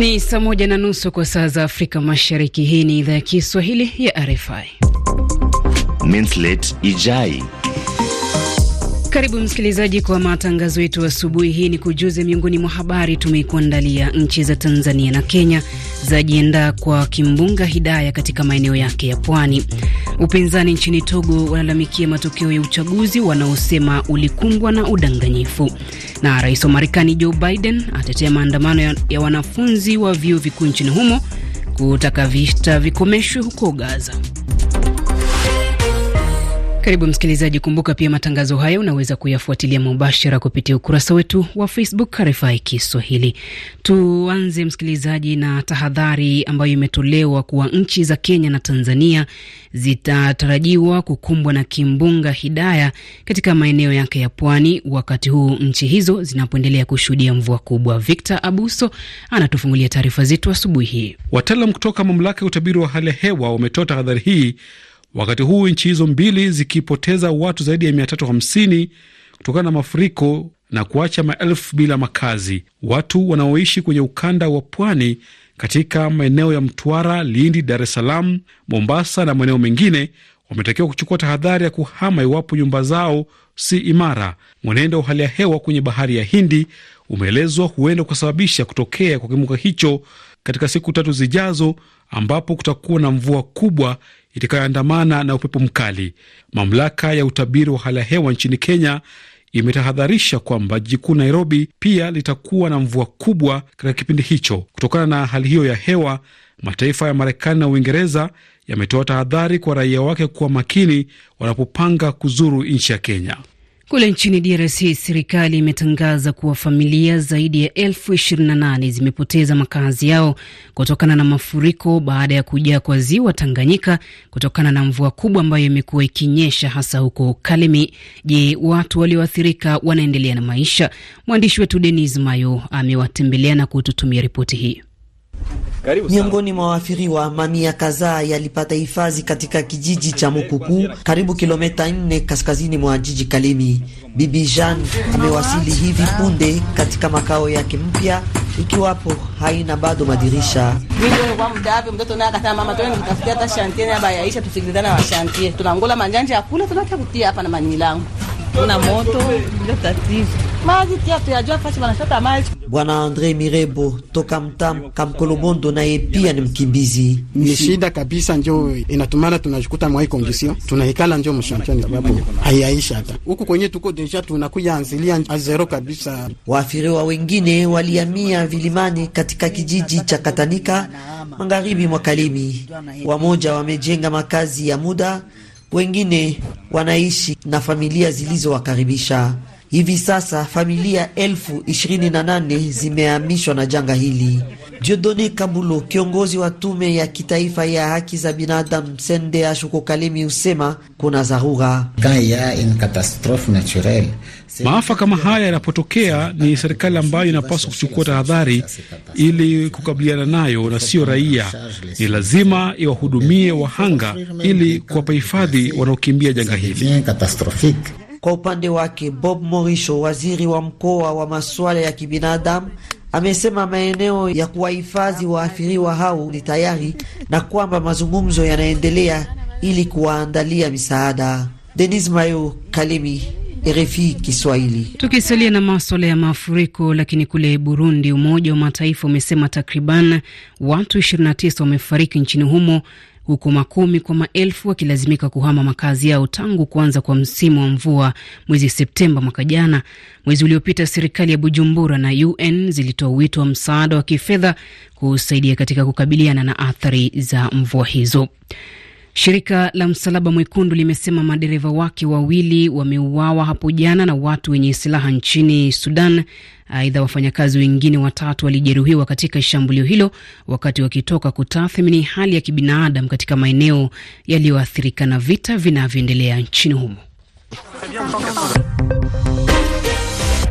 Ni saa moja na nusu kwa saa za Afrika Mashariki. Hii ni idhaa ya Kiswahili ya RFI. Minslet Ijai. Karibu msikilizaji kwa matangazo yetu asubuhi hii. Ni kujuze miongoni mwa habari tumekuandalia. Nchi za Tanzania na Kenya zajiandaa kwa kimbunga Hidaya katika maeneo yake ya pwani. Upinzani nchini Togo wanalalamikia matokeo ya uchaguzi wanaosema ulikumbwa na udanganyifu. Na rais wa Marekani Joe Biden atetea maandamano ya, ya wanafunzi wa vyuo vikuu nchini humo kutaka vita vikomeshwe huko Gaza. Karibu msikilizaji, kumbuka pia matangazo haya unaweza kuyafuatilia mubashara kupitia ukurasa wetu wa Facebook RFI Kiswahili. Tuanze msikilizaji na tahadhari ambayo imetolewa kuwa nchi za Kenya na Tanzania zitatarajiwa kukumbwa na kimbunga Hidaya katika maeneo yake ya pwani, wakati huu nchi hizo zinapoendelea kushuhudia mvua kubwa. Victor Abuso anatufungulia taarifa zetu asubuhi hii. Wataalam kutoka mamlaka ya utabiri wa hali ya hewa wametoa tahadhari hii wakati huu nchi hizo mbili zikipoteza watu zaidi ya 350 kutokana na mafuriko na kuacha maelfu bila makazi. Watu wanaoishi kwenye ukanda wa pwani katika maeneo ya Mtwara, Lindi, Dar es Salaam, Mombasa na maeneo mengine wametakiwa kuchukua tahadhari ya kuhama iwapo nyumba zao si imara. Mwenendo wa hali ya hewa kwenye bahari ya Hindi umeelezwa huenda kusababisha kutokea kwa kimuka hicho katika siku tatu zijazo, ambapo kutakuwa na mvua kubwa itakayoandamana na upepo mkali. Mamlaka ya utabiri wa hali ya hewa nchini Kenya imetahadharisha kwamba jiji kuu Nairobi pia litakuwa na mvua kubwa katika kipindi hicho. Kutokana na hali hiyo ya hewa, mataifa ya Marekani na Uingereza yametoa tahadhari kwa raia wake kuwa makini wanapopanga kuzuru nchi ya Kenya. Kule nchini DRC serikali imetangaza kuwa familia zaidi ya elfu ishirini na nane zimepoteza makazi yao kutokana na mafuriko baada ya kujaa kwa ziwa Tanganyika kutokana na mvua kubwa ambayo imekuwa ikinyesha hasa huko Kalemi. Je, watu walioathirika wanaendelea na maisha? Mwandishi wetu Denis Mayo amewatembelea na kututumia ripoti hii. Miongoni mwa waathiriwa, mamia kadhaa yalipata hifadhi katika kijiji cha Mukuku, karibu kilomita 4 kaskazini mwa jiji Kalemi. Bibi Jean amewasili hivi punde katika makao yake mpya, ikiwapo haina bado madirisha. Tuna moto ndio tatizo. Bwana Andre Mirebo toka Mtam Kamkolobondo, naye pia ni mkimbizi. Ni shida kabisa, njo inatumana tunajikuta mwai kondisio tunaikala, njo mshantani sababu haiaisha hata huku kwenye tuko deja tunakuya anzilia azero kabisa. Waafiriwa wengine walihamia vilimani katika kijiji cha Katanika magharibi mwa Kalimi. Wamoja wamejenga makazi ya muda, wengine wanaishi na familia zilizowakaribisha. Hivi sasa familia elfu ishirini na nane zimehamishwa na janga hili. Jodone Kambulo, kiongozi wa tume ya kitaifa ya haki za binadamu Sende Ashuko Kalemi, husema kuna dharura. Maafa kama haya yanapotokea, ni serikali ambayo inapaswa kuchukua tahadhari ili kukabiliana nayo na sio raia. Ni lazima iwahudumie wahanga ili kuwapa hifadhi wanaokimbia janga hili. Kwa upande wake Bob Morisho, waziri wa mkoa wa masuala ya kibinadamu, amesema maeneo ya kuwahifadhi waathiriwa hao ni tayari na kwamba mazungumzo yanaendelea ili kuwaandalia misaada. Denis Mayo, Kalemi. RFI Kiswahili. Tukisalia na maswala ya mafuriko, lakini kule Burundi, Umoja wa Mataifa umesema takriban watu 29 wamefariki nchini humo huku makumi kwa maelfu wakilazimika kuhama makazi yao tangu kuanza kwa msimu wa mvua mwezi Septemba mwaka jana. Mwezi uliopita, serikali ya Bujumbura na UN zilitoa wito wa msaada wa kifedha kusaidia katika kukabiliana na athari za mvua hizo. Shirika la Msalaba Mwekundu limesema madereva wake wawili wameuawa hapo jana na watu wenye silaha nchini Sudan. Aidha, wafanyakazi wengine watatu walijeruhiwa katika shambulio hilo wakati wakitoka kutathmini hali ya kibinadamu katika maeneo yaliyoathirika na vita vinavyoendelea nchini humo.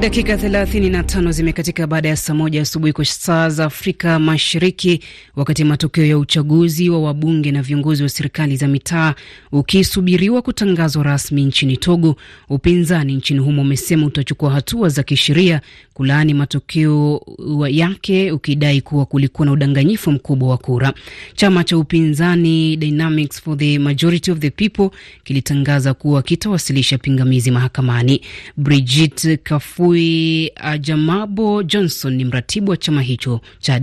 Dakika 35 zimekatika baada ya saa moja asubuhi kwa saa za Afrika Mashariki, wakati matokeo ya uchaguzi wa wabunge na viongozi wa serikali za mitaa ukisubiriwa kutangazwa rasmi nchini Togo, upinzani nchini humo umesema utachukua hatua za kisheria kulaani matokeo yake, ukidai kuwa kulikuwa na udanganyifu mkubwa wa kura. Chama cha upinzani Dynamics for the Majority of the People kilitangaza kuwa kitawasilisha pingamizi mahakamani. Makui Ajamabo uh, Johnson ni mratibu wa chama hicho cha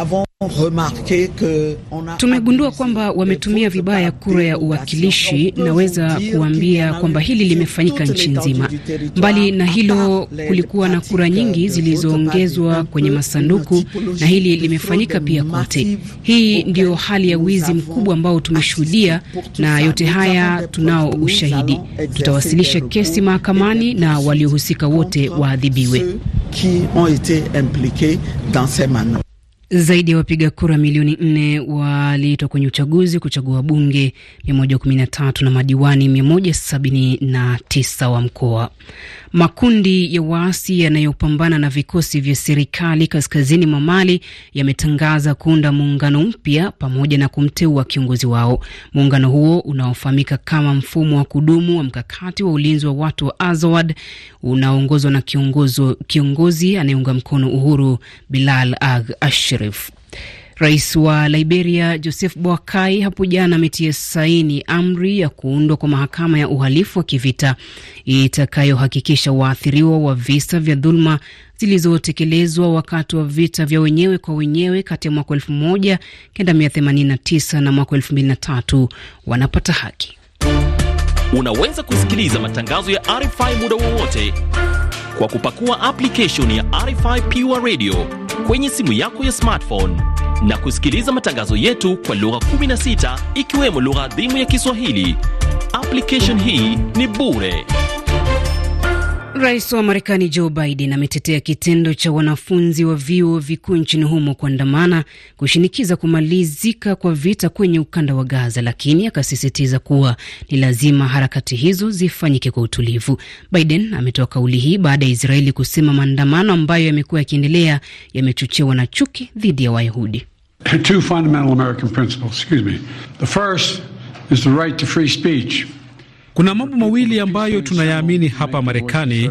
avons Tumegundua kwamba wametumia vibaya kura ya uwakilishi. Naweza kuambia kwamba hili limefanyika nchi nzima. Mbali na hilo, kulikuwa na kura nyingi zilizoongezwa kwenye masanduku, na hili limefanyika pia kote. Hii ndiyo hali ya wizi mkubwa ambao tumeshuhudia, na yote haya tunao ushahidi. Tutawasilisha kesi mahakamani na waliohusika wote waadhibiwe. Zaidi ya wapiga kura milioni nne waliitwa kwenye uchaguzi kuchagua wabunge 113 na madiwani 179 wa mkoa. Makundi ya waasi yanayopambana na vikosi vya serikali kaskazini mwa Mali yametangaza kuunda muungano mpya pamoja na kumteua kiongozi wao. Muungano huo unaofahamika kama mfumo wa kudumu wa mkakati wa ulinzi wa watu wa Azawad unaoongozwa na kiongozi, kiongozi anayeunga mkono uhuru Bilal Ag ashrif Rais wa Liberia Joseph Boakai hapo jana ametia saini amri ya kuundwa kwa mahakama ya uhalifu wa kivita itakayohakikisha waathiriwa wa visa vya dhuluma zilizotekelezwa wakati wa vita vya wenyewe kwa wenyewe kati ya mwaka themanini na mwaka tatu wanapata haki. Unaweza kusikiliza matangazo ya RFI muda wowote kwa kupakua application ya RFI Pure Radio kwenye simu yako ya smartphone na kusikiliza matangazo yetu kwa lugha 16 ikiwemo lugha adhimu ya Kiswahili. Application hii ni bure. Rais wa Marekani Joe Biden ametetea kitendo cha wanafunzi wa vyuo vikuu nchini humo kuandamana kushinikiza kumalizika kwa vita kwenye ukanda wa Gaza, lakini akasisitiza kuwa ni lazima harakati hizo zifanyike kwa utulivu. Biden ametoa kauli hii baada ya Israeli kusema maandamano ambayo yamekuwa yakiendelea yamechochewa na chuki dhidi ya Wayahudi. two fundamental American principles, excuse me. The first is the right to free speech. Kuna mambo mawili ambayo tunayaamini hapa Marekani.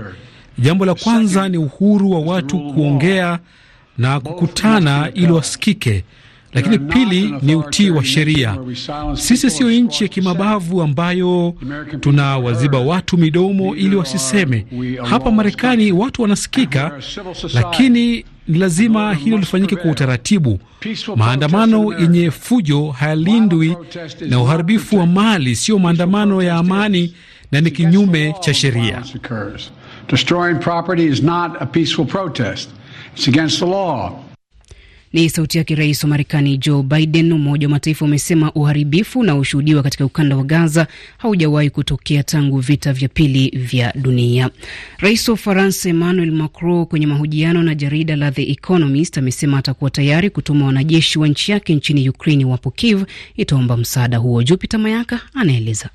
Jambo la kwanza ni uhuru wa watu kuongea na kukutana ili wasikike lakini pili ni utii wa sheria. Sisi siyo nchi ya kimabavu ambayo tunawaziba watu midomo ili wasiseme. Hapa Marekani watu wanasikika, lakini ni lazima hilo lifanyike kwa utaratibu. Maandamano yenye fujo hayalindwi, na uharibifu wa mali siyo maandamano ya amani na ni kinyume cha sheria. Destroying property is not a peaceful protest. It's against the law. Ni sauti yake rais wa Marekani Joe Biden. Umoja wa Mataifa umesema uharibifu unaoshuhudiwa katika ukanda wa Gaza haujawahi kutokea tangu vita vya pili vya dunia. Rais wa Ufaransa Emmanuel Macron kwenye mahojiano na jarida la The Economist amesema atakuwa tayari kutuma wanajeshi wa nchi yake nchini ukrain iwapo Kiev itaomba msaada huo. Jupiter Mayaka anaeleza.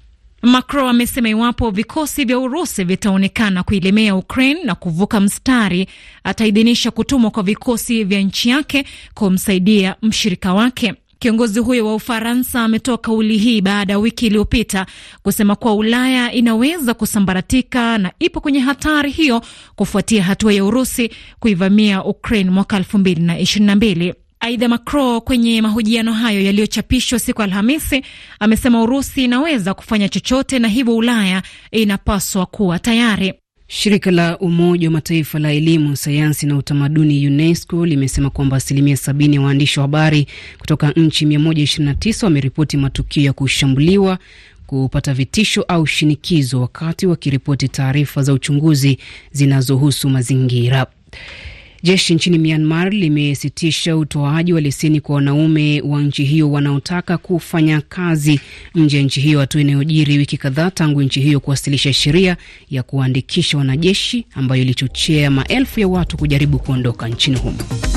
Macron amesema iwapo vikosi vya Urusi vitaonekana kuilemea Ukraine na kuvuka mstari, ataidhinisha kutumwa kwa vikosi vya nchi yake kumsaidia mshirika wake. Kiongozi huyo wa Ufaransa ametoa kauli hii baada ya wiki iliyopita kusema kuwa Ulaya inaweza kusambaratika na ipo kwenye hatari hiyo kufuatia hatua ya Urusi kuivamia Ukraine mwaka elfu mbili na ishirini na mbili. Aidha, Macron kwenye mahojiano hayo yaliyochapishwa siku Alhamisi amesema Urusi inaweza kufanya chochote na hivyo Ulaya inapaswa kuwa tayari. Shirika la Umoja wa Mataifa la elimu, sayansi na utamaduni UNESCO limesema kwamba asilimia sabini ya waandishi wa habari kutoka nchi 129 wameripoti matukio ya kushambuliwa kupata vitisho au shinikizo wakati wakiripoti taarifa za uchunguzi zinazohusu mazingira. Jeshi nchini Myanmar limesitisha utoaji wa leseni kwa wanaume wa nchi hiyo wanaotaka kufanya kazi nje ya nchi hiyo, hatua inayojiri wiki kadhaa tangu nchi hiyo kuwasilisha sheria ya kuwaandikisha wanajeshi ambayo ilichochea maelfu ya watu kujaribu kuondoka nchini humo.